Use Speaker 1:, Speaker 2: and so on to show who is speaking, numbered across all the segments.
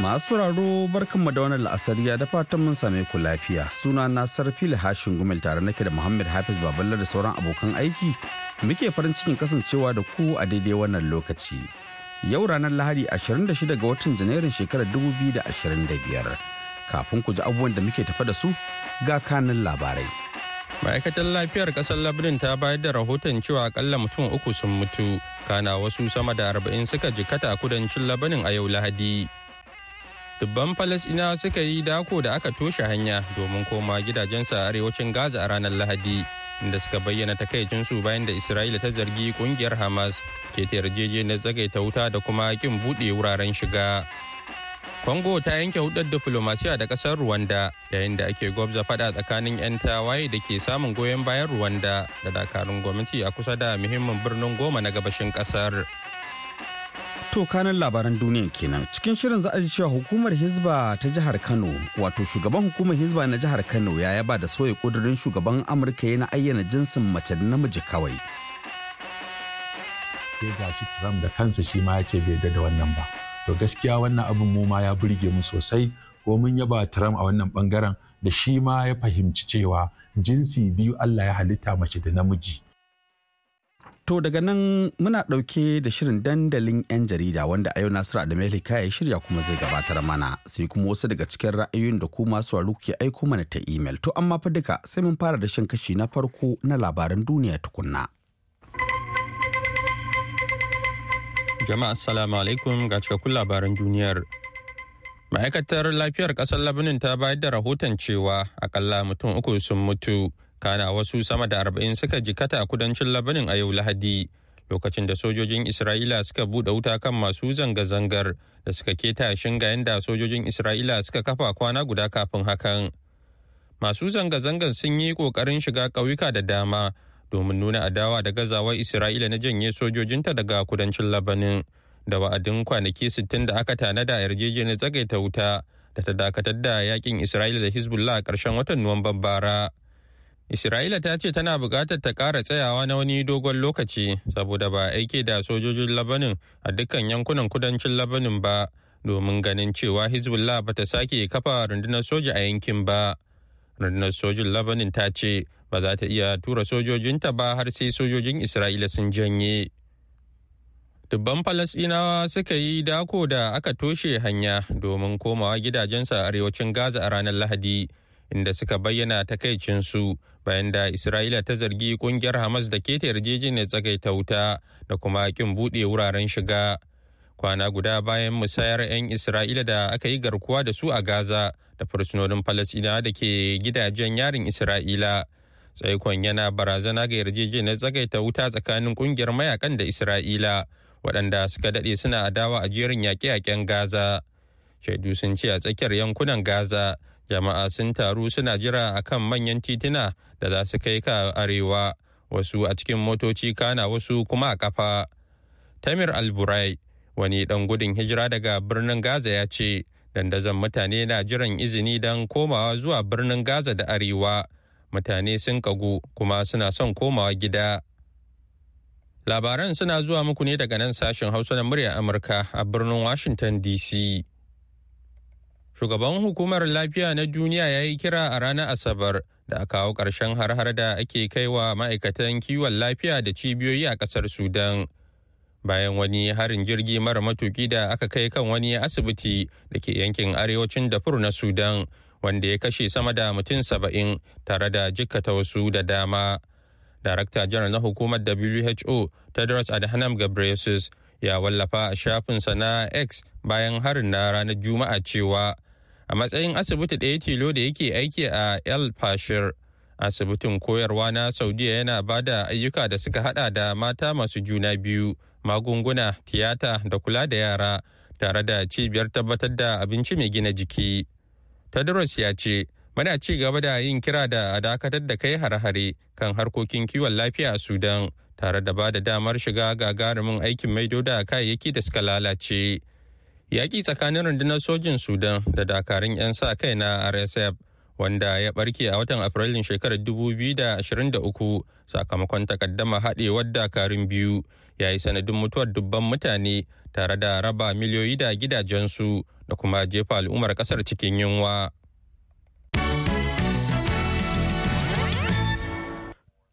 Speaker 1: Masu sauraro barkanmu da wannan la'asariya da fatan mun same ku lafiya. Suna na Sarfil Hashin Gumel tare nake da Muhammad Hafiz Baballa da sauran abokan aiki. Muke farin cikin kasancewa da ku a daidai wannan lokaci. Yau ranar Lahadi 26 ga watan Janairun shekarar 2025. Kafin ku ji abubuwan da muke tafa da su ga kanin labarai.
Speaker 2: ma'aikatan lafiyar ƙasar Labrin ta bayar da rahoton cewa akalla mutum uku sun mutu, kana wasu sama da arba'in suka jikata a kudancin Labanin a yau Lahadi. dubban falasɗinawa suka yi dako da aka toshe hanya domin koma gidajensa a arewacin gaza a ranar lahadi inda suka bayyana takaicinsu bayan da isra'ila ta zargi kungiyar hamas ke ta yarjejeniyar zagaita wuta da kuma kin buɗe wuraren shiga congo ta yanke hudar diflomasiya da ƙasar rwanda yayin da ake gwabza fada tsakanin 'yan tawaye da ke samun goyon bayan rwanda da dakarun gwamnati a kusa da muhimmin birnin goma na gabashin ƙasar.
Speaker 1: To kanan labaran duniya kenan cikin shirin za a ji cewa hukumar Hizba ta jihar Kano wato shugaban hukumar Hizba na jihar Kano ya yaba da sauya kudurin shugaban Amurka yana ayyana jinsin mace da namiji kawai.
Speaker 3: Sai ga shi Trump da kansa shi ya ce bai da wannan ba. To gaskiya wannan abin mu ma ya burge mu sosai ko mun yaba Trump a wannan bangaren da shi ma ya fahimci cewa jinsi biyu Allah ya halitta mace da namiji.
Speaker 1: To daga nan muna ɗauke da shirin dandalin 'yan jarida wanda a yau da Adamali ya shirya kuma zai gabatar mana sai kuma wasu daga cikin ra'ayoyin da kuma masu waro ke aiko mana ta imel. To amma fa duka sai mun fara da shan kashi na farko na labaran duniya tukunna.
Speaker 2: Jama'a assalamu alaikum ga cikakkun labaran duniyar. Ma'aikatar lafiyar ƙasar Labanin ta bayar da rahoton cewa akalla mutum uku sun mutu kana wasu sama da arba'in suka jikata a kudancin labanin a yau lahadi lokacin da sojojin isra'ila suka buɗe wuta kan masu zanga-zangar da suka keta shingayen da sojojin isra'ila suka kafa kwana guda kafin hakan masu zanga-zangar sun yi ƙoƙarin shiga ƙauyuka da dama domin nuna adawa da gazawar isra'ila na janye sojojinta daga kudancin labanin da wa'adin kwanaki sittin da aka tanada a yarjejeniyar tsagaita wuta da ta dakatar da yakin isra'ila da hezbollah a ƙarshen watan nuwamban bara Isra'ila ta ce tana buƙatar ta ƙara tsayawa na wani dogon lokaci saboda ba aike da sojojin Labanin a dukkan yankunan kudancin Labanin ba domin ganin cewa Hezbollah ba ta sake kafa rundunar soja a yankin ba. Rundunar sojin Labanin ta ce ba za ta iya tura sojojinta ba har sai sojojin Isra'ila sun janye. dubban falasɗinawa suka yi dako da aka toshe hanya domin komawa gidajensa a arewacin gaza a ranar lahadi inda suka bayyana takaicinsu bayan da isra'ila ta zargi kungiyar hamas da ke keta yarjejeniyar tsagaita wuta da kuma kin buɗe wuraren shiga kwana guda bayan musayar 'yan isra'ila da aka yi garkuwa da su a gaza da fursunonin falasina da ke gidajen yarin isra'ila tsaikon yana barazana ga yarjejeniyar tsagaita wuta tsakanin kungiyar mayakan da isra'ila waɗanda suka daɗe suna adawa a jerin yaƙe-yaƙen gaza shaidu sun ce a tsakiyar yankunan gaza jama'a sun taru suna jira a kan manyan titina da za su kai ka arewa wasu a cikin motoci kana wasu kuma a kafa tamir alburai wani dan gudun hijira daga birnin gaza ya ce dandazon mutane na jiran izini don komawa zuwa birnin gaza da arewa mutane sun kagu kuma suna son komawa gida labaran suna zuwa muku ne daga nan sashen hausa na murya amurka a birnin washington dc shugaban hukumar lafiya na duniya ya yi kira a ranar asabar da a kawo ƙarshen har da ake kai wa ma'aikatan kiwon lafiya da cibiyoyi a ƙasar sudan bayan wani harin jirgi mara matuki da aka kai kan wani asibiti da ke yankin arewacin dafur na sudan wanda ya kashe sama da mutum saba'in tare da jikkata wasu da dama darakta janar na hukumar who tedros adhanom ghebreyesus ya wallafa a shafinsa na x bayan harin na ranar juma'a cewa a matsayin asibiti ɗaya tilo da yake aiki a el fashir asibitin koyarwa na saudiya yana ba da ayyuka da suka hada da mata masu juna biyu magunguna tiyata da kula da yara tare da cibiyar tabbatar da abinci mai gina jiki tedros ya ce muna ci gaba da yin kira da a dakatar da kai hare-hare kan harkokin kiwon lafiya a sudan tare da ba da damar shiga gagarumin aikin maido da kayayyaki da suka lalace Yaƙi tsakanin rundunar sojin Sudan da dakarun 'yan sa kai na RSF wanda ya barke a watan Afrilun shekarar 2023 sakamakon takaddama haɗewar dakarun biyu ya yi sanadin mutuwar dubban mutane tare da raba miliyoyi da gidajensu da kuma jefa al'ummar ƙasar cikin yunwa.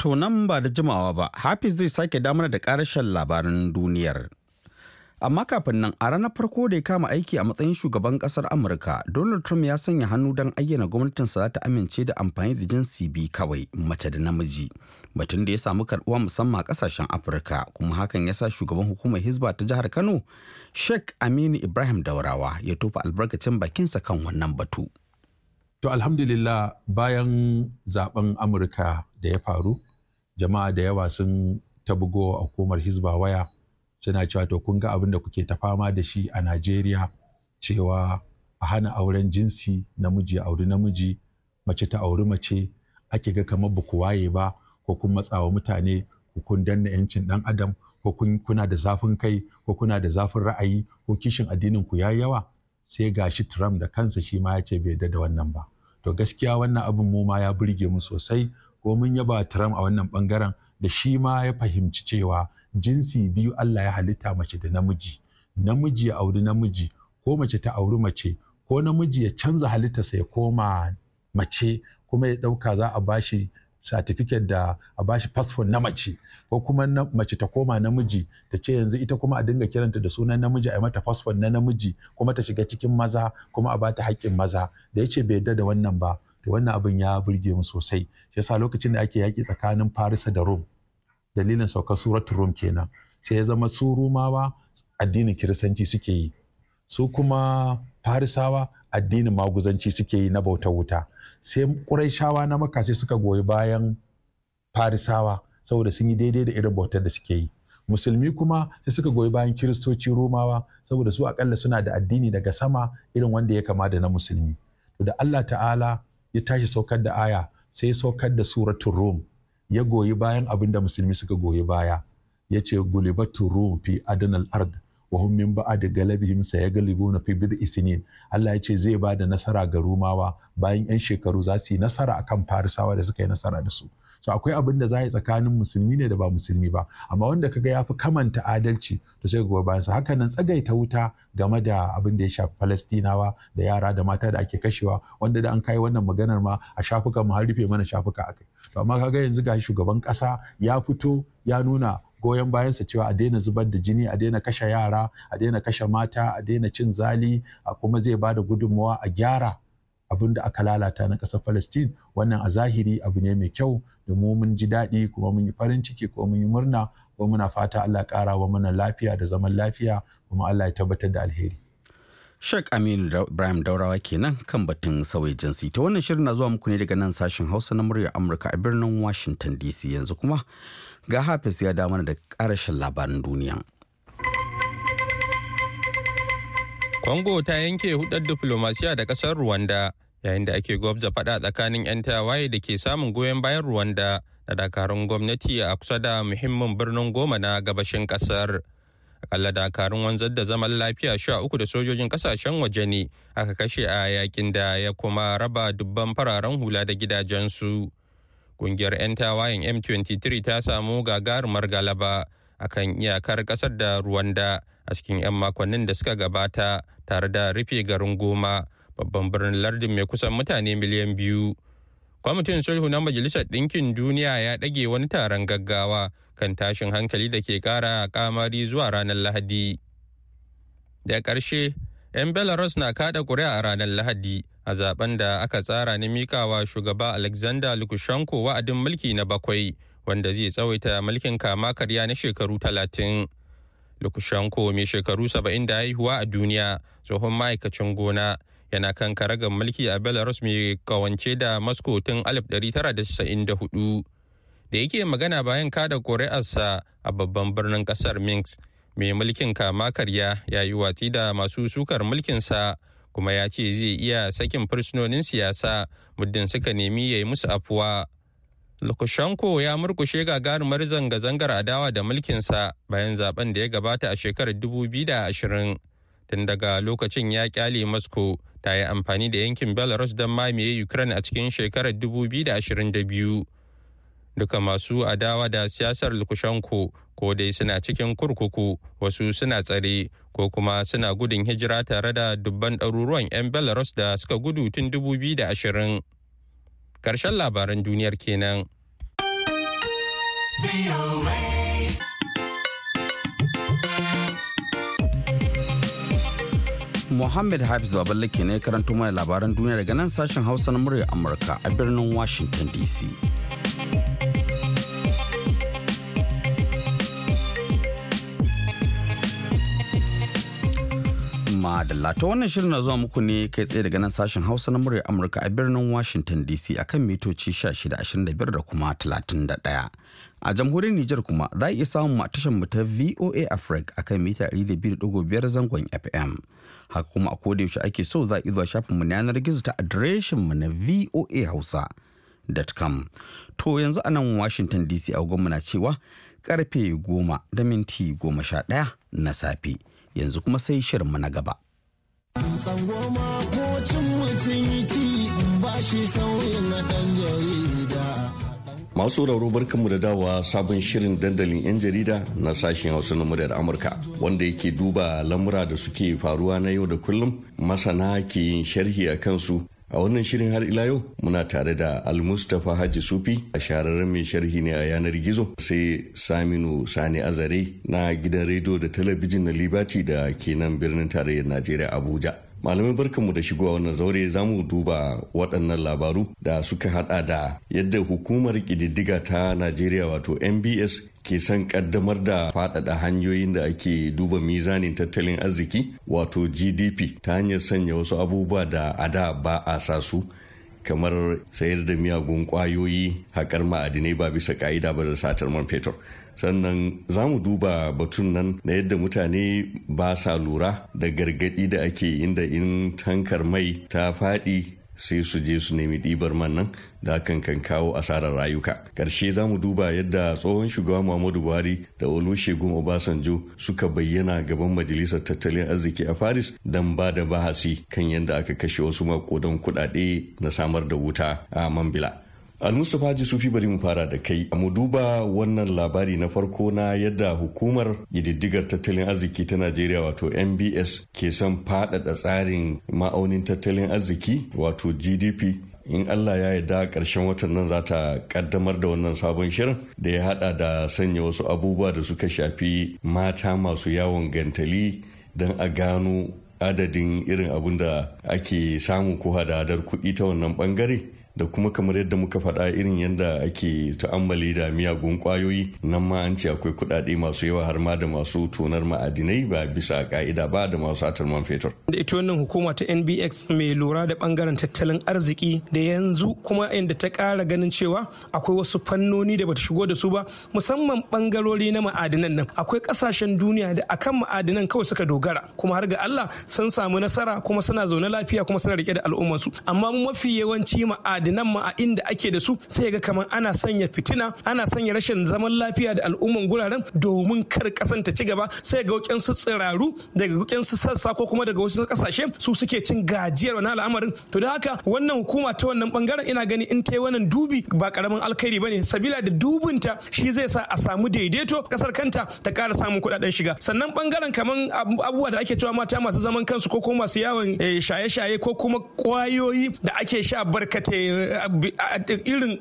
Speaker 1: To ba da jimawa ba, Hafiz zai sake damar da ƙarashen labaran duniyar. amma kafin nan a ranar farko da ya kama aiki a matsayin shugaban kasar amurka donald trump ya sanya hannu don ayyana gwamnatinsa za ta amince da amfani da jinsi bi kawai mace da namiji batun da ya samu karbuwa musamman a kasashen afirka kuma hakan ya sa shugaban hukumar hisba ta jihar kano sheikh aminu ibrahim daurawa ya tofa albarkacin bakinsa kan wannan batu
Speaker 3: to alhamdulillah bayan zaben amurka da ya faru jama'a da yawa sun tabugo a hukumar hisba waya suna cewa to kun ga abin da kuke ta fama da shi a Najeriya cewa a hana auren jinsi namiji a auri namiji mace ta auri mace ake ga kamar ba ku waye ba ko kun matsawa mutane ko kun danna yancin dan adam ko kun kuna da zafin kai ko kuna da zafin ra'ayi ko kishin addinin ku yayi yawa sai gashi Trump da kansa shi ma ya ce bai da wannan ba to gaskiya wannan abin mu ma ya burge mu sosai ko mun yaba Trump a wannan bangaren da shi ma ya fahimci cewa jinsi biyu Allah ya halitta mace da namiji namiji ya auri namiji ko mace ta auri mace ko namiji ya canza halittarsa ya koma mace kuma ya ɗauka za a bashi satifiket da a bashi fasfon na mace ko kuma mace ta koma namiji ta ce yanzu ita kuma a dinga kiranta da sunan namiji a mata fasfon na namiji kuma ta shiga cikin maza kuma a bata haƙƙin maza da ya ce bai yarda da wannan ba to wannan abin ya burge mu sosai shi yasa lokacin da ake yaƙi tsakanin Farisa da Rome dalilin saukar suratul rum kenan sai ya zama su rumawa addinin kiristanci suke yi su kuma farisawa addinin maguzanci suke yi na bautar wuta sai ƙuraishawa na maka sai suka goyi bayan farisawa saboda sun yi daidai da irin bautar da suke yi musulmi kuma sai suka goyi bayan kiristoci rumawa saboda su akalla suna da addini daga sama irin wanda ya kama da na musulmi to da Allah ta'ala ya tashi saukar da aya sai saukar da suratul rum ya goyi bayan abin da musulmi suka goyi baya ya ce gulibatu rum fi adanal ard wa hum min ba'di galabihim na fi bid'i isinin. Allah ya ce zai ba da nasara ga rumawa bayan yan shekaru za su yi nasara a kan farisawa da suka yi nasara da su so akwai abin da za yi tsakanin musulmi ne da ba musulmi ba amma wanda kaga ya fi kamanta adalci to sai gobe bayansa haka nan tsagaita wuta game da abin da ya shafi falastinawa da yara da mata da ake kashewa wanda da an kai wannan maganar ma a shafukan mu har rufe mana shafuka akai to amma kaga yanzu ga shugaban kasa ya fito ya nuna goyon bayansa cewa a daina zubar da jini a daina kashe yara a daina kashe mata a daina cin zali a kuma zai ba da gudunmawa a gyara abin da aka lalata na ƙasar Palestine wannan a zahiri abu ne mai kyau da mu mun ji daɗi kuma mun yi farin ciki kuma mun yi murna kuma muna fata Allah ƙara wa mana lafiya da zaman lafiya kuma Allah ya tabbatar da alheri. Sheikh
Speaker 1: Aminu Ibrahim
Speaker 3: Daurawa kenan kan batun sauyi jinsi ta wannan shirin na zuwa muku ne daga nan
Speaker 1: sashen Hausa na muryar Amurka a birnin Washington DC yanzu kuma ga hafis ya da mana da
Speaker 2: ƙarashin labaran duniya. Congo ta yanke hudar diplomasiya da kasar Rwanda yayin da ake gwabza fada tsakanin 'yan tawaye da ke samun goyon bayan Rwanda da dakarun gwamnati a kusa da muhimmin birnin goma na gabashin kasar. Akalla dakarun wanzar da zaman lafiya sha uku da sojojin kasashen waje ne aka kashe a yakin da ya kuma raba dubban fararen hula da gidajensu. ƙungiyar 'yan tawayen M23 ta samu gagarumar galaba akan iyakar ƙasar da Rwanda a cikin 'yan makonnin da suka gabata tare da rufe garin Goma babban birnin lardin mai kusan mutane miliyan biyu. Kwamitin sulhu na Majalisar Ɗinkin Duniya ya ɗage wani taron gaggawa kan tashin hankali da ke ƙara kamari zuwa ranar Lahadi. Da ƙarshe, 'yan Belarus na kaɗa ƙuri'a a ranar Lahadi a zaben da aka tsara na mikawa shugaba Alexander Lukashenko wa'adin mulki na bakwai wanda zai tsawaita mulkin kama karya na shekaru talatin. Lukushenko mai shekaru saba'in da haihuwa a duniya tsohon ma'aikacin gona yana kan karagar mulki a Belarus mai kawance da Moscow tun 1994. Da yake magana bayan kada ƙuri'arsa a babban birnin ƙasar Minsk mai mulkin kama karya ya yi watsi da masu sukar mulkinsa kuma ya ce zai iya sakin fursunonin siyasa muddin suka nemi ya yi musu afuwa. Lukashenko ya murkushe gagarumar zanga-zangar adawa da mulkinsa bayan zaben da ya gabata a shekarar 2020. Tun daga lokacin ya kyale Moscow ta yi amfani da yankin Belarus don mamaye Ukraine a cikin shekarar 2022. Duka masu adawa da siyasar Lukashenko ko dai suna cikin kurkuku wasu suna tsare ko kuma suna gudun hijira tare da dubban ɗaruruwan 'yan Belarus da suka gudu tun 2020. Karshen labaran duniyar kenan.
Speaker 1: Mohammed Hafiz Baballe ke ne karanto mana labaran duniya daga nan sashen Hausa na murya Amurka a birnin Washington DC. da ta wannan shirin na zuwa muku ne kai tsaye daga nan sashen Hausa na muryar Amurka a birnin Washington DC akan mitoci 1625 da kuma 31. A jamhuriyar Nijar kuma za a iya samun a tashar mu ta VOA Africa akan mita 200.5 zangon FM. Haka kuma a kodayaushe yaushe ake so za a zuwa shafin mu yanar gizo ta adireshin mu na VOA Hausa.com. To yanzu a nan Washington DC a na cewa karfe 10 da minti 11 na safe. yanzu kuma sai shirinmu na gaba.
Speaker 4: masu rauro barkanmu da dawa sabon shirin dandalin 'yan jarida na sashen hausa na muryar amurka wanda yake duba lamura da suke faruwa na yau da kullum masana ke yin sharhi a kansu a wannan shirin har ila yau muna tare da almustapha haji sufi a shahararren mai sharhi ne a yanar gizo sai saminu sani azare na gidan rediyo da talabijin na libati da kenan birnin tarayyar najeriya abuja Malamin barkanmu da shigowa wannan zaure za mu duba waɗannan labaru da suka hada da yadda hukumar ƙididdiga ta Najeriya wato NBS ke son ƙaddamar da faɗaɗa hanyoyin da ake duba mizanin tattalin arziki wato GDP ta hanyar sanya wasu abubuwa da a da ba a sa su kamar sayar da miyagun ƙwayoyi haƙar ma'adinai ba bisa ƙa'ida ba da satar man fetur. sannan za mu duba batun nan na yadda mutane ba sa lura da gargaɗi da ake inda in tankar mai ta faɗi sai su je su nemi ɗibar man nan da kan kan kawo asarar rayuka ƙarshe za mu duba yadda tsohon shugaban muhammadu buhari da olusegun obasanjo suka bayyana gaban majalisar tattalin arziki a paris don ba da bahasi kan yadda aka kashe wasu makodan kudade na samar da wuta a mambila Almustapha Sufi bari mu fara da kai mu duba wannan labari na farko na yadda hukumar ƙididdigar tattalin arziki ta Najeriya wato MBS ke son faɗaɗa tsarin ma'aunin tattalin arziki wato GDP in Allah ya yarda ƙarshen watan nan za ta kaddamar da wannan sabon shirin da ya hada da sanya wasu abubuwa da suka shafi mata masu yawon gantali don a gano adadin irin abin da ake samu ko hada-hadar kuɗi ta wannan bangare da kuma kamar yadda muka faɗa irin yadda ake ta'ammali da miyagun kwayoyi nan ma an ce akwai kuɗaɗe masu yawa har ma da masu tonar ma'adinai ba bisa ka'ida ba da masu atar man fetur. Da
Speaker 5: ita wannan hukuma ta NBX mai lura da bangaren tattalin arziki da yanzu kuma inda ta kara ganin cewa akwai wasu fannoni da bata shigo da su ba musamman bangarori na ma'adinan nan akwai ƙasashen duniya da akan ma'adinan kawai suka dogara kuma har ga Allah sun samu nasara kuma suna zaune lafiya kuma suna rike da al'ummarsu amma mafi yawanci ma'adinan addinan ma a inda ake da su sai ga kamar ana sanya fitina ana sanya rashin zaman lafiya da al'umman guraren domin kar kasan ta ci gaba sai ga wakin su tsiraru daga wakin su sassa ko kuma daga wasu kasashe su suke cin gajiyar wannan al'amarin to da haka wannan hukuma ta wannan bangaren ina gani in ta yi wannan dubi ba karamin alkhairi bane sabila da dubinta shi zai sa a samu daidaito kasar kanta ta kara samun kudaden shiga sannan bangaren kamar abubuwa da ake cewa mata masu zaman kansu ko kuma masu yawon eh, shaye-shaye ko kuma kwayoyi da ake sha barkatai Eh, irin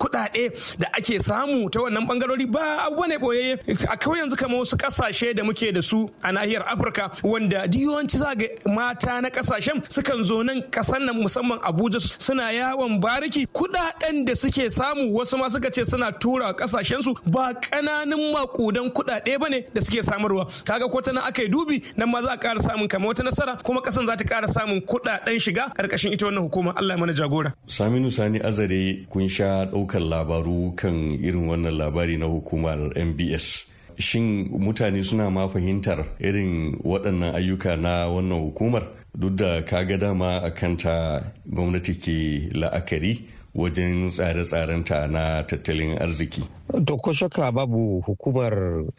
Speaker 5: kuɗaɗe da ake samu ta wannan bangarori ba abuwa ne a kawai yanzu kamar wasu kasashe da muke da su a nahiyar afirka wanda yawanci za ga mata na kasashen sukan zo nan kasan nan musamman abuja suna yawon bariki kuɗaɗen da suke samu wasu ma suka ce suna tura kasashen su ba ƙananun makudan kuɗaɗe ba ne da suke samarwa kaga ko ta nan aka yi dubi nan ma za a ƙara samun kamar wata nasara kuma kasan za ta ƙara samun kuɗaɗen shiga ƙarƙashin ita wannan hukuma allah mana jagora
Speaker 4: aminu Sani Azare kun sha ɗaukar labaru kan irin wannan labari na hukumar MBS. Shin mutane suna ma fahimtar irin waɗannan ayyuka na wannan hukumar duk da kaga dama a kanta gwamnati ke la'akari wajen tsare-tsarenta na tattalin arziki.
Speaker 6: To ko shakka babu hukumar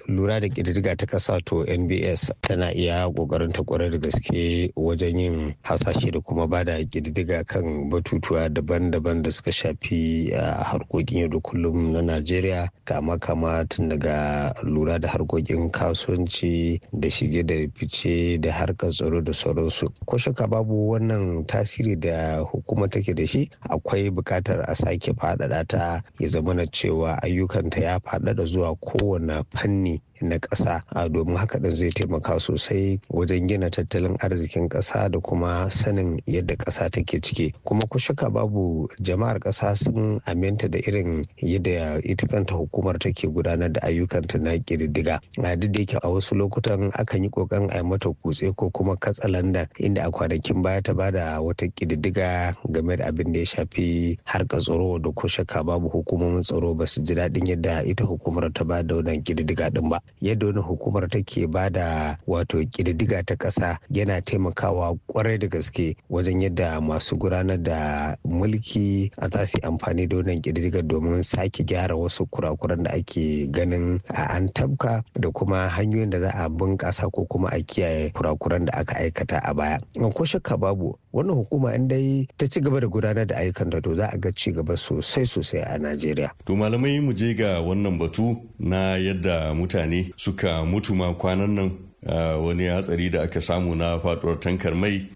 Speaker 6: lura da ƙididdiga ta ƙasa to NBS tana iya ƙoƙarin ta ƙware da gaske wajen yin hasashe da kuma bada ƙididdiga kan batutuwa daban-daban da suka shafi a harkokin yau da kullum na Najeriya kama kama tun daga lura da harkokin kasuwanci da shige da fice da harkar tsaro da sauransu. Ko shakka babu wannan tasiri da hukuma take da shi akwai bukatar buƙatar a sake faɗaɗa ta ya zama na cewa ayyukanta ya faɗaɗa zuwa kowane fanni na ƙasa a domin haka ɗin zai taimaka sosai wajen gina tattalin arzikin ƙasa da kuma sanin yadda ƙasa take ciki kuma ku babu jama'ar ƙasa sun aminta da irin yadda ita kanta hukumar take gudanar da ayyukanta na ƙididdiga duk da yake a wasu lokutan akan yi ƙoƙarin a yi mata kutse ko kuma katsalanda inda a kwanakin baya ta bada wata ƙididdiga game da abin da ya shafi harkar tsaro da kushaka babu hukumomin tsaro ba su ji daɗin yadda ita hukumar ta ba da wannan ƙididdiga ɗin ba yadda wani hukumar take ba da wato ƙididdiga ta ƙasa yana taimakawa kwarai da gaske wajen yadda masu gudanar da mulki a za su amfani da wannan ƙididdigar domin sake gyara wasu kurakuran da ake ganin a an tabka da kuma hanyoyin da za a bunƙasa ko kuma a kiyaye kurakuran da aka aikata a baya. Ko shakka babu wannan hukuma in dai ta ci gaba da gudanar da ayyukan da za a ga ci gaba sosai sosai a najeriya
Speaker 4: to malamai mu je ga wannan batu na yadda mutane suka mutu ma kwanan nan Uh, wani hatsari da aka samu na faduwar tankar mai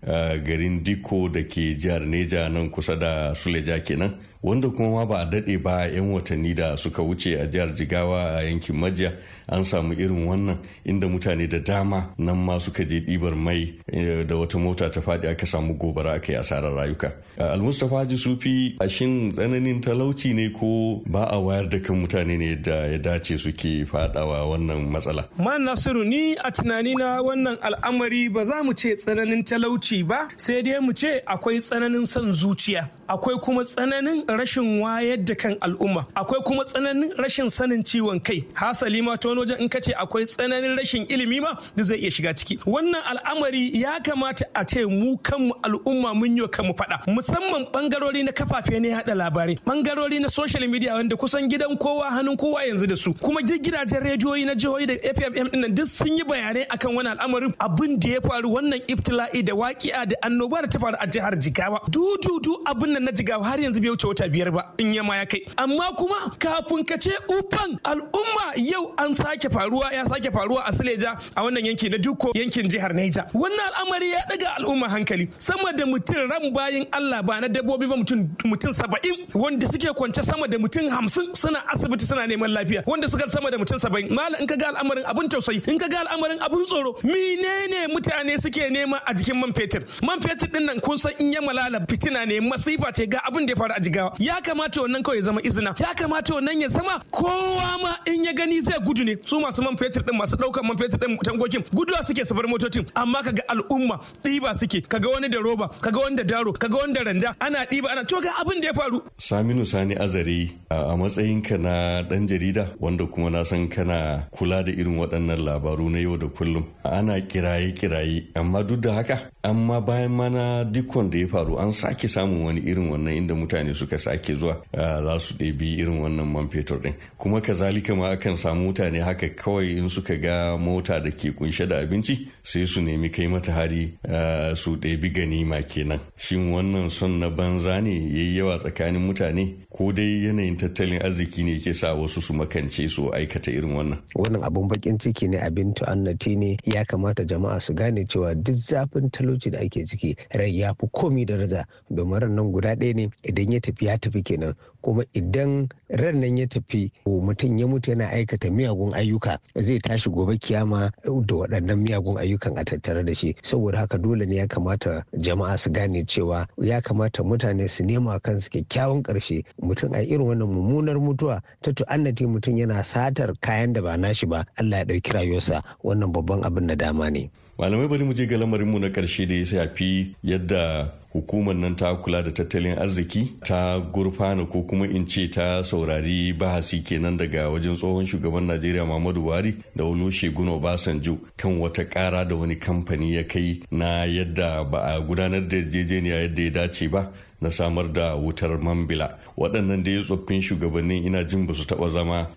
Speaker 4: garin diko da ke jihar neja nan kusa da suleja kenan wanda kuma ma ba a daɗe ba 'yan watanni da suka wuce a jihar jigawa a yankin majiya an samu irin wannan inda mutane da dama nan ma suka je ɗibar mai eh, da wata mota ta faɗi aka samu gobara aka yi asarar rayuka almustapha haji sufi a shin tsananin talauci ne ko ba a wayar da kan mutane ne da ya dace suke faɗawa wannan matsala
Speaker 5: ma nasiru ni a tunani na wannan al'amari ba za mu ce tsananin talauci ba sai dai mu ce akwai tsananin son zuciya akwai kuma tsananin rashin wayar da kan al'umma akwai kuma tsananin rashin sanin ciwon kai hasali ma ta wajen in kace akwai tsananin rashin ilimi ma da zai iya shiga ciki wannan al'amari ya kamata a ce mu kanmu al'umma mun yi kanmu faɗa musamman bangarori na kafafe na yada labarai bangarori na social media wanda kusan gidan kowa hannun kowa yanzu da su kuma duk gidajen rediyoyi na jihohi da FFM din duk sun yi bayanai akan wani al'amarin abin da ya faru wannan iftila'i da waƙi'a da annoba da ta faru a jihar Jigawa dududu abin nan na jigawa har yanzu bai wuce wata biyar ba in ya ma ya kai amma kuma kafin ka ce ufan al'umma yau an sake faruwa ya sake faruwa a Suleja a wannan yanki na Duko yankin jihar neja wannan al'amari ya daga al'umma hankali sama da mutum ran bayin Allah ba na dabbobi ba mutum mutum saba'in wanda suke kwance sama da mutum hamsin suna asibiti suna neman lafiya wanda suka sama da mutum saba'in malam in ka ga al'amarin abin tausayi in ka ga al'amarin abin tsoro menene mutane suke nema a jikin man fetur man fetur din nan kun san in ya malala fitina ne masifa masifa ce ga abin da ya faru a jigawa ya kamata wannan kawai ya zama izina ya kamata wannan ya zama kowa ma in ya gani zai gudu ne su masu man fetur din masu daukan man fetur din tangokin guduwa suke su bar motocin amma kaga al'umma ɗiba suke kaga wani da roba kaga wani da daro kaga wani da randa ana ɗiba ana to ga abin da ya faru
Speaker 4: Saminu Sani Azare a matsayin ka na dan jarida wanda kuma na san kana kula da irin waɗannan labaru na yau da kullum ana kiraye kiraye amma duk da haka amma bayan mana dukkan da ya faru an sake samun wani irin wannan inda mutane suka sake zuwa ah, za su ɗebi irin wannan man fetur ɗin kuma kazalika ma akan samu mutane haka kawai in suka ga mota da ke kunshe da abinci sai su nemi kai mata hari ah, su ɗebi ganima kenan shin wannan son na banza ne yayi yawa tsakanin mutane ko dai yanayin tattalin arziki ne ke sa wasu su makance su aikata irin wannan wannan abun
Speaker 6: bakin ciki ne abin tu'annati ne ya kamata jama'a su gane cewa duk zafin talo talauci da ake ciki rai ya fi komi daraja domin nan guda ɗaya ne idan ya tafi ya tafi kenan kuma idan ran nan ya tafi mutum ya mutu yana aikata miyagun ayyuka zai tashi gobe kiyama da waɗannan miyagun ayyukan a tattare da shi saboda haka dole ne ya kamata jama'a su gane cewa ya kamata mutane su nema kansu kyakkyawan ƙarshe mutum a irin wannan mummunar mutuwa ta tu'annati mutum yana satar kayan da ba nashi ba Allah ya ɗauki rayuwarsa wannan babban
Speaker 4: abin na dama ne. malamai bari mu je ga mu na ƙarshe da ya shafi yadda hukumar nan ta kula da tattalin arziki ta gurfana ko kuma in ce ta saurari bahasi kenan daga wajen tsohon shugaban najeriya muhammadu buhari da olusegun obasanjo kan wata kara da wani kamfani ya kai na yadda ba a gudanar da yarjejeniya yadda ya dace ba na samar da wutar mambila waɗannan da ya tsoffin shugabannin ina jin ba su taɓa zama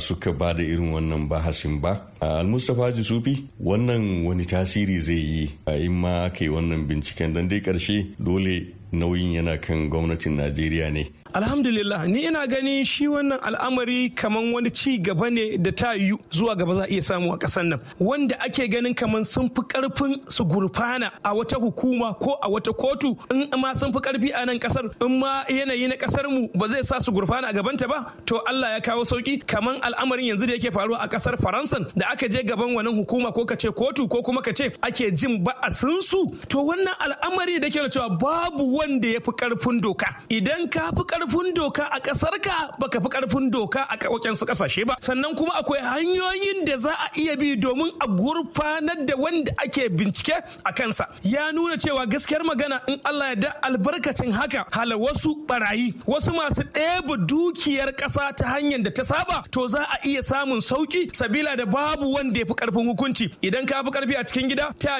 Speaker 4: suka ba da irin wannan bahasin ba almustapha sufi wannan wani tasiri zai yi in ma aka yi wannan binciken don dai karshe dole nauyin yana kan gwamnatin najeriya ne
Speaker 5: alhamdulillah ni ina gani shi wannan al'amari kaman wani ci gaba ne da ta yi zuwa gaba za a iya samu a ƙasar nan wanda ake ganin kaman sun fi ƙarfin su gurfana a wata hukuma ko a wata kotu in ma sun fi ƙarfi a nan ƙasar in ma yanayi na ƙasar mu ba zai sa su gurfana a gabanta ba to Allah ya kawo sauki kaman al'amarin yanzu da yake faruwa a ƙasar Faransa da aka je gaban wannan hukuma ko kace kotu ko kuma kace ake jin sun su to wannan al'amari da ke cewa babu wanda ya fi karfin doka idan ka fi karfin doka a kasar ka baka fi karfin doka a su kasashe ba sannan kuma akwai hanyoyin da za a iya bi domin a gurfanar da wanda ake bincike a kansa ya nuna cewa gaskiyar magana in Allah ya da albarkacin haka hala wasu barayi wasu masu ɗebe dukiyar ƙasa ta hanyar da ta saba to za a iya samun sauki sabila da babu wanda ya fi karfin hukunci idan ka fi karfi a cikin gida ta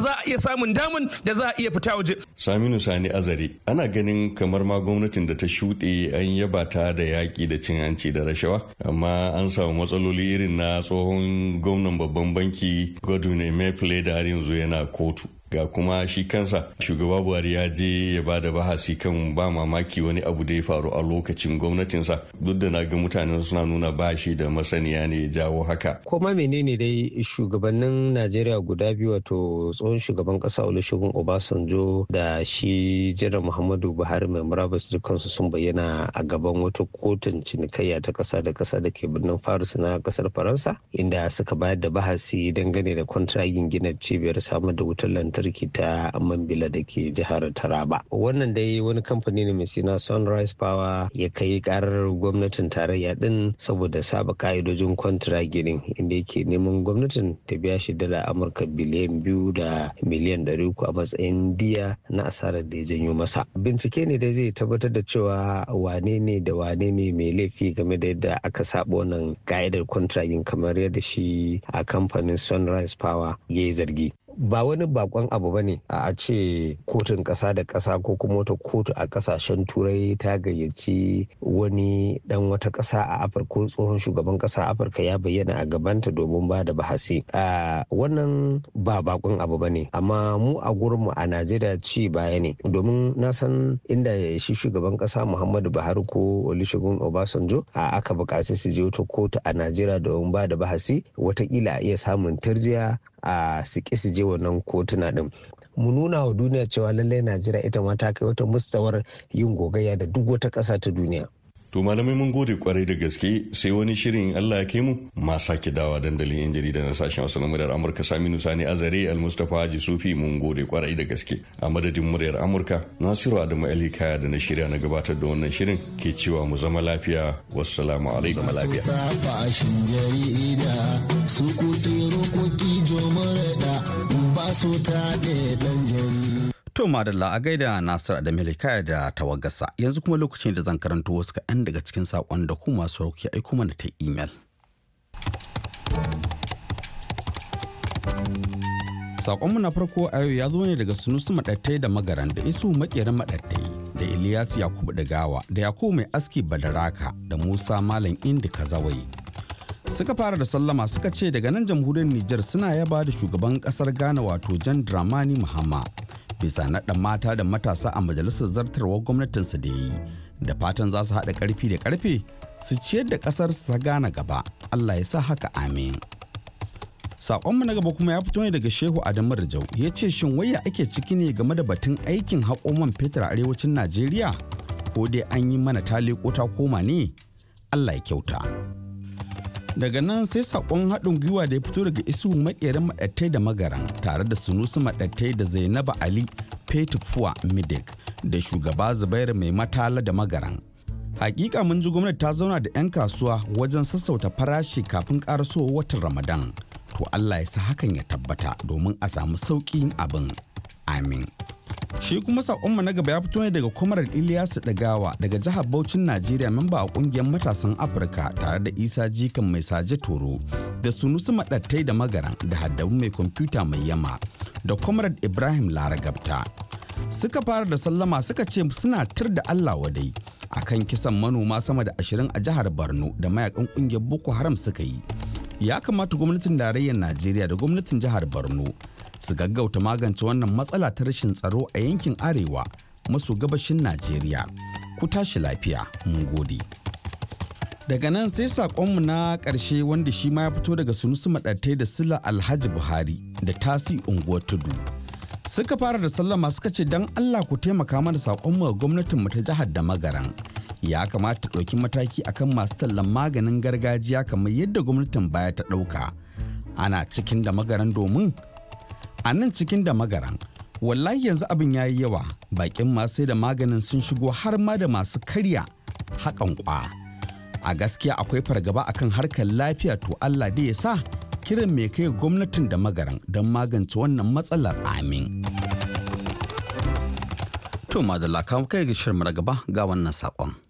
Speaker 5: za a iya samun damun da za a
Speaker 4: iya fita waje. Saminu Sani azare ana ganin kamar ma gwamnatin da ta shuɗe an yaba ta da yaƙi da cin hanci da rashawa amma an samu matsaloli irin na tsohon gwamnan babban banki godwin maple da har yanzu yana kotu ga kuma shi kansa shugaba buhari ya je ya ba da bahasi kan ba mamaki wani abu da ya faru a lokacin gwamnatinsa duk da na ga mutanen suna nuna ba shi da masaniya ne ya jawo haka koma
Speaker 6: menene dai shugabannin najeriya guda biyu wato tsohon shugaban kasa olusegun obasanjo da shi jiran muhammadu buhari mai murabus dukansu sun bayyana a gaban wata kotun cinikayya ta kasa da kasa da ke birnin faris na kasar faransa inda suka bayar da bahasi dangane da kwantragin gina cibiyar samar da wutar lantarki lantarki ta mambila da ke jihar taraba wannan dai wani kamfani ne mai suna sunrise power ya kai karar gwamnatin tarayya din saboda saba ka'idojin kwantara ginin inda yake neman gwamnatin ta biya shi dala amurka biliyan biyu da miliyan ɗari uku a matsayin diya na asarar da ya janyo masa bincike ne dai zai tabbatar da cewa wane ne da wane ne mai laifi game da yadda aka saba wannan ka'idar kwantiragin kamar yadda shi a kamfanin sunrise power ya yi zargi ba wani bakon abu ba ne a ce kotun ƙasa da ƙasa ko kuma wata kotu a ƙasashen turai ta gayyaci wani dan wata ƙasa a afirka tsohon shugaban ƙasa afirka ya bayyana a gabanta domin ba da bahasi wannan ba bakon abu ba ne amma mu a gurinmu a najeriya ci baya ne domin na san inda shi shugaban ƙasa muhammadu buhari ko olusegun obasanjo a aka buƙaci su je wata kotu a najeriya domin ba da bahasi watakila a iya samun tarjiya a su ƙi su je wannan kotuna ɗin mu nuna wa duniya cewa lallai najeriya ita ma ta kai wata mustawar yin gogayya da duk wata ƙasa ta duniya
Speaker 4: To malamai mun gode kwarai da gaske sai wani shirin Allah ya kai mu ma sake dawa dandalin yan jarida na sashen wasu muryar Amurka Saminu Sani Azare almustapha Mustafa Haji Sufi mun gode kwarai da gaske a madadin muryar Amurka Nasiru Adamu Ali Kaya da na shirya na gabatar da wannan shirin ke cewa mu zama lafiya wassalamu alaikum lafiya.
Speaker 6: su ta ɗan jari.
Speaker 1: To Madalla a gaida Nasir da kaya da tawagasa yanzu kuma lokacin da zan karanto wasu kaɗan daga cikin saƙon da ku masu rauki aiko mana ta imel. Saƙonmu na farko a yau ya zo ne daga sunusu maɗattai da magaran da isu maƙerin maɗattai da Ilyas Yakubu da gawa da Yakubu mai aski Badaraka da Musa Malam Indi Kazawai suka fara da sallama suka ce daga nan jamhuriyar Nijar suna yaba da shugaban kasar Ghana wato Jan Dramani Mahama bisa naɗa mata da matasa a majalisar zartarwar gwamnatinsa da yi da fatan za su haɗa ƙarfi da ƙarfe su ciyar da ƙasar ta Ghana gaba Allah ya sa haka amin. mu na gaba kuma ya fito ne daga Shehu Adamu Rajau ya ce shin waya ake ciki ne game da batun aikin haƙoman fetur a arewacin Najeriya ko dai an yi mana ta leƙo ta koma ne Allah ya kyauta. daga nan sai saƙon haɗin gwiwa da ya fito daga isu makerin maɗattai da magaran tare da sunusu maɗattai da zainaba ali fetifuwa midik da shugaba zubairu mai matala da magaran hakika mun ji gwamnati ta zauna da 'yan kasuwa wajen sassauta farashi kafin karasowa watan ramadan to allah ya sa hakan ya tabbata domin a samu sauƙin abin amin Shi kuma mu na gaba ya fito ne daga kwamarar Ilyasu Dagawa daga jihar Bauchin Najeriya memba a kungiyar matasan Afirka tare da Isa Jikan mai saje toro da Sunusu Madattai da Magaran da Haddabu mai kwamfuta mai yama da kwamarar Ibrahim Laragabta. Suka fara da sallama suka ce suna tur da Allah wadai akan kisan manoma sama da ashirin a jihar Borno da mayakan ƙungiyar Boko Haram suka yi. Ya kamata gwamnatin tarayyar Najeriya da gwamnatin jihar Borno su gaggauta magance wannan matsala ta rashin tsaro a yankin arewa maso gabashin najeriya ku tashi lafiya mun gode daga nan sai saƙonmu na ƙarshe wanda shi ma ya fito daga sunusu maɗatai da sila alhaji buhari da tasi unguwar tudu suka fara da sallama suka ce don allah ku taimaka mana saƙonmu ga gwamnatinmu ta jihar da magaran ya kamata ɗauki mataki akan masu tallan maganin gargajiya kamar yadda gwamnatin baya ta ɗauka ana cikin da magaran domin a nan cikin da magaran wallahi yanzu abin ya yi yawa bakin masu da maganin sun shigo har ma da masu karya hakan kwa a gaskiya akwai fargaba akan harkar lafiya to allah dai ya sa kiran mai kai gwamnatin da magaran don magance wannan matsalar amin to madalla kawo kai ga shirin gaba ga wannan saƙon.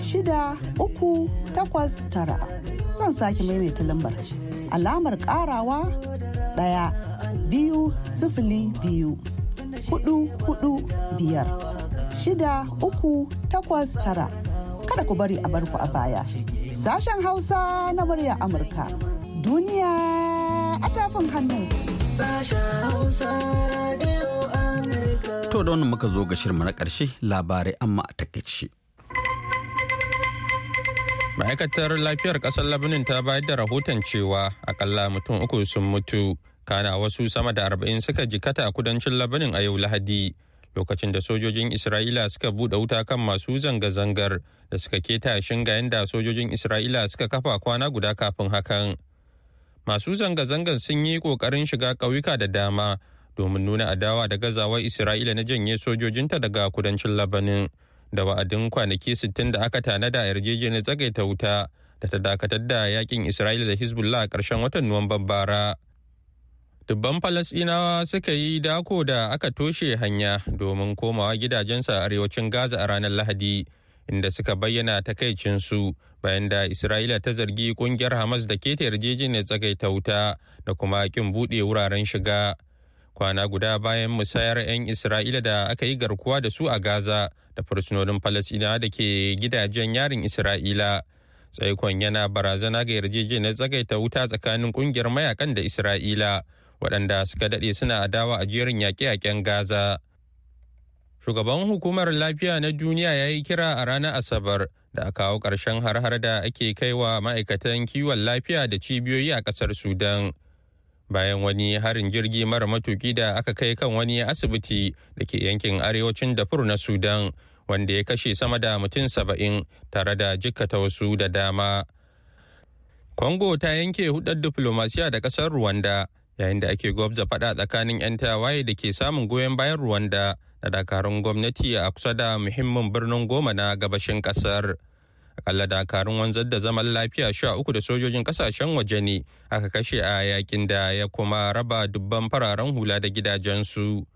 Speaker 1: shida uku takwas tara zan sake maimaita lambar alamar karawa ɗaya biyu sifili biyu hudu hudu biyar shida uku takwas tara kada ku bari a barku a baya sashen hausa na murya amurka duniya a tafin hannu to da wannan muka zo ga shirma na ƙarshe labarai amma a takaice
Speaker 2: ma'aikatar lafiyar kasar labanin ta bayar da rahoton cewa akalla mutum uku sun mutu kana wasu sama da arba'in suka jikata a kudancin labanin a yau lahadi lokacin da sojojin isra'ila suka buɗe wuta kan masu zanga-zangar da suka keta shingayen da sojojin isra'ila suka kafa kwana guda kafin hakan masu zanga-zangar sun yi ƙoƙarin shiga ƙauyuka da dama domin nuna adawa da gazawar isra'ila na janye sojojinta daga kudancin labanin da wa'adin kwanaki sittin da aka tanada a yarjejeniyar tsagaita wuta da ta dakatar da yakin Isra'ila da Hezbollah a ƙarshen watan Nuwamban bara. Dubban Falasɗinawa suka yi dako da aka toshe hanya domin komawa gidajensu a arewacin Gaza a ranar Lahadi, inda suka bayyana takaicinsu bayan da Isra'ila ta zargi ƙungiyar Hamas da keta yarjejeniyar tsagaita wuta da kuma ƙin buɗe wuraren shiga. kwana guda bayan musayar 'yan isra'ila da aka yi garkuwa da su a gaza da fursunonin falasina da ke gidajen yarin isra'ila tsaikon yana barazana ga yarjejeniyar tsagaita wuta tsakanin kungiyar mayakan da isra'ila waɗanda suka daɗe suna adawa a jerin yaƙe-yaƙen gaza shugaban hukumar lafiya na duniya ya yi kira a ranar asabar da a kawo ƙarshen har-har da ake kaiwa ma'aikatan kiwon lafiya da cibiyoyi a ƙasar sudan bayan wani harin jirgi mara matuki da aka kai kan wani asibiti da ke yankin arewacin dafur na sudan wanda ya kashe sama da mutum saba'in tare da jikkata wasu da dama congo ta yanke hudar diplomasiya da kasar rwanda yayin da ake gwabza fada tsakanin 'yan tawaye da ke samun goyon bayan rwanda da dakarun gwamnati a kusa da muhimmin birnin goma na gabashin kasar. akalla dakarun wanzar da zaman lafiya sha uku da sojojin kasashen waje ne aka kashe a yakin da ya kuma raba dubban fararen hula da gidajensu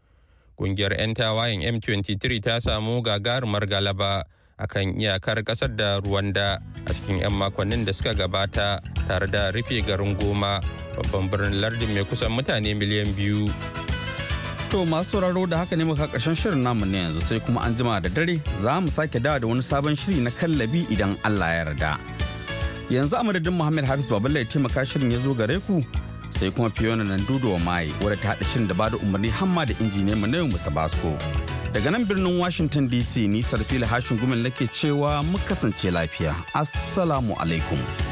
Speaker 2: kungiyar 'yan tawayen m23 ta samu gagarumar galaba a kan iyakar kasar da rwanda a cikin 'yan makonnin da suka gabata tare da rufe garin goma babban birnin lardin mai kusan mutane miliyan biyu
Speaker 1: To masu sauraro da haka ne muka karshen shirin namu ne yanzu sai kuma an jima da dare za mu sake dawa da wani sabon shiri na kallabi idan Allah ya yarda. Yanzu a madadin Muhammad Hafiz Baballe ya taimaka shirin ya zo gare ku sai kuma Fiona nan duduwa mai wadda ta haɗa shirin da ba da umarni hamma da injiniya mu yau Mr. Daga nan birnin Washington DC ni Sarfila Hashin Gumel nake cewa mu kasance lafiya. Assalamu alaikum.